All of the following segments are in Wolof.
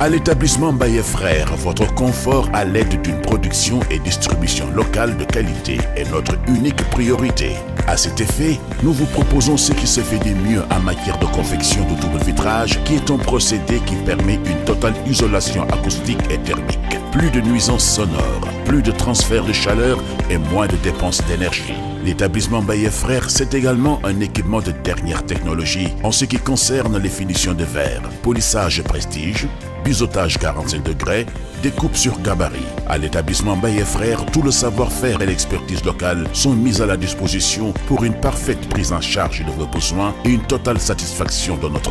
À l'établissement Baye Frères, votre confort à l'aide d'une production et distribution locale de qualité est notre unique priorité. À cet effet, nous vous proposons ce qui se fait de mieux en matière de confection de double vitrage, qui est un procédé qui permet une totale isolation acoustique et thermique. Plus de nuisances sonores, plus de transfert de chaleur et moins de dépenses d'énergie. L'établissement Baye Frères, c'est également un équipement de dernière technologie en ce qui concerne les finitions de verre, polissage prestige, biseautage 45 degrés, découpe sur gabarit. À l'établissement Baye Frères, tout le savoir-faire et l'expertise locale sont mis à la disposition pour une parfaite prise en charge de vos besoins et une totale satisfaction de notre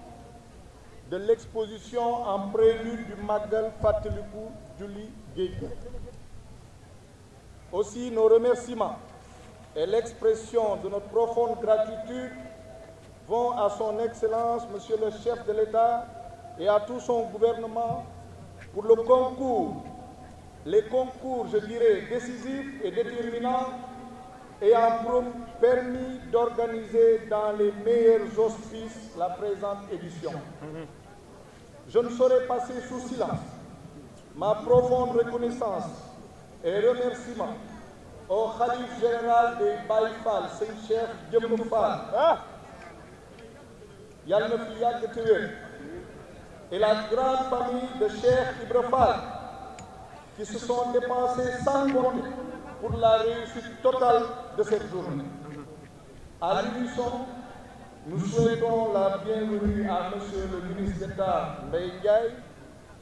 de l'exposition en prélude du Magal Fatelikou Julie Gueye. Aussi nos remerciements et l'expression de notre profonde gratitude vont à son Excellence, Monsieur le chef de l'État et à tout son gouvernement pour le concours, les concours, je dirais, décisifs et déterminants ayant permis d'organiser dans les meilleurs auspices la présente édition. je ne saurais passer sous silence ma profonde reconnaissance et remerciement au khalife général des Baye Fall sëñ Cheikh Jëmm Fall ah! yàlla na fi et la grande famille de Cheikh Ibra Fall qui se sont dépensés sans compter pour la réussite totale de cette journée à l'unisson Nous souhaitons la bienvenue à Monsieur le ministre d'État Mbaye Ndiaye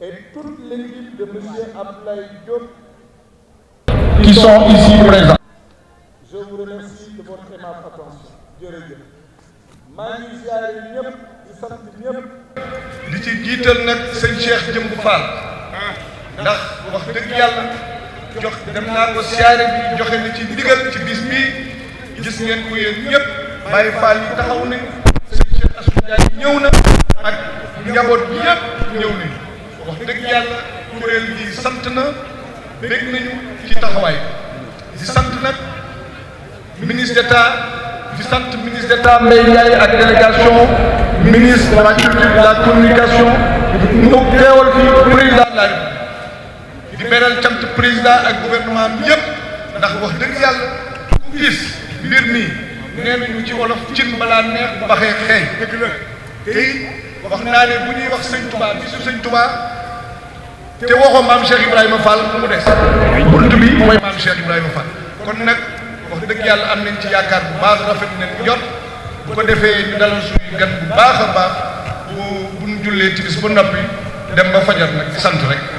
et toute l'équipe de Monsieur Abdoulaye Diop qui sont ici présents. Je vous remercie de votre aimable attention. jërëjëf maa ngi ziare ñëpp di sant ñëpp. di ci jiital nag sëñ Cheikh Jëmb Fall. ndax wax dëgg yàlla dem naa ko siyaare bi joxe na ci ndigal ci bis gis ngeen ko yéen ñëpp. Baye Fall yi taxaw nañ sëñ ñëw na ak njaboot bi yëpp ñëw nañ wax dëgg yàlla kuréel gi sant na bég nañu ci taxawaay di sant nag ministre d'état di sant ministre d'état Mbaye Ndiaye ak délégation ministre de la de la communication mu teewal fi président laaj di beral cant président ak gouvernement bi yëpp ndax wax dëgg yàlla ku gis mbir mi nee nañu ci wolof cin balaa neex bu baxee xeeñ dëgg wax naa ne bu ñuy wax sëñ Touba bi su sëñ Touba te waxoo maam Cheikh Ibrahima Fall mu des bunt bi mooy maam Cheikh Ibrahima Fall kon nag wax dëgg am nañ ci yaakaar bu baax rafet nañ jot bu ko defee ñu dalal suñu gan bu baax a baax bu bu ñu jullee ci bis ba noppi dem ba fajar nag di sant rek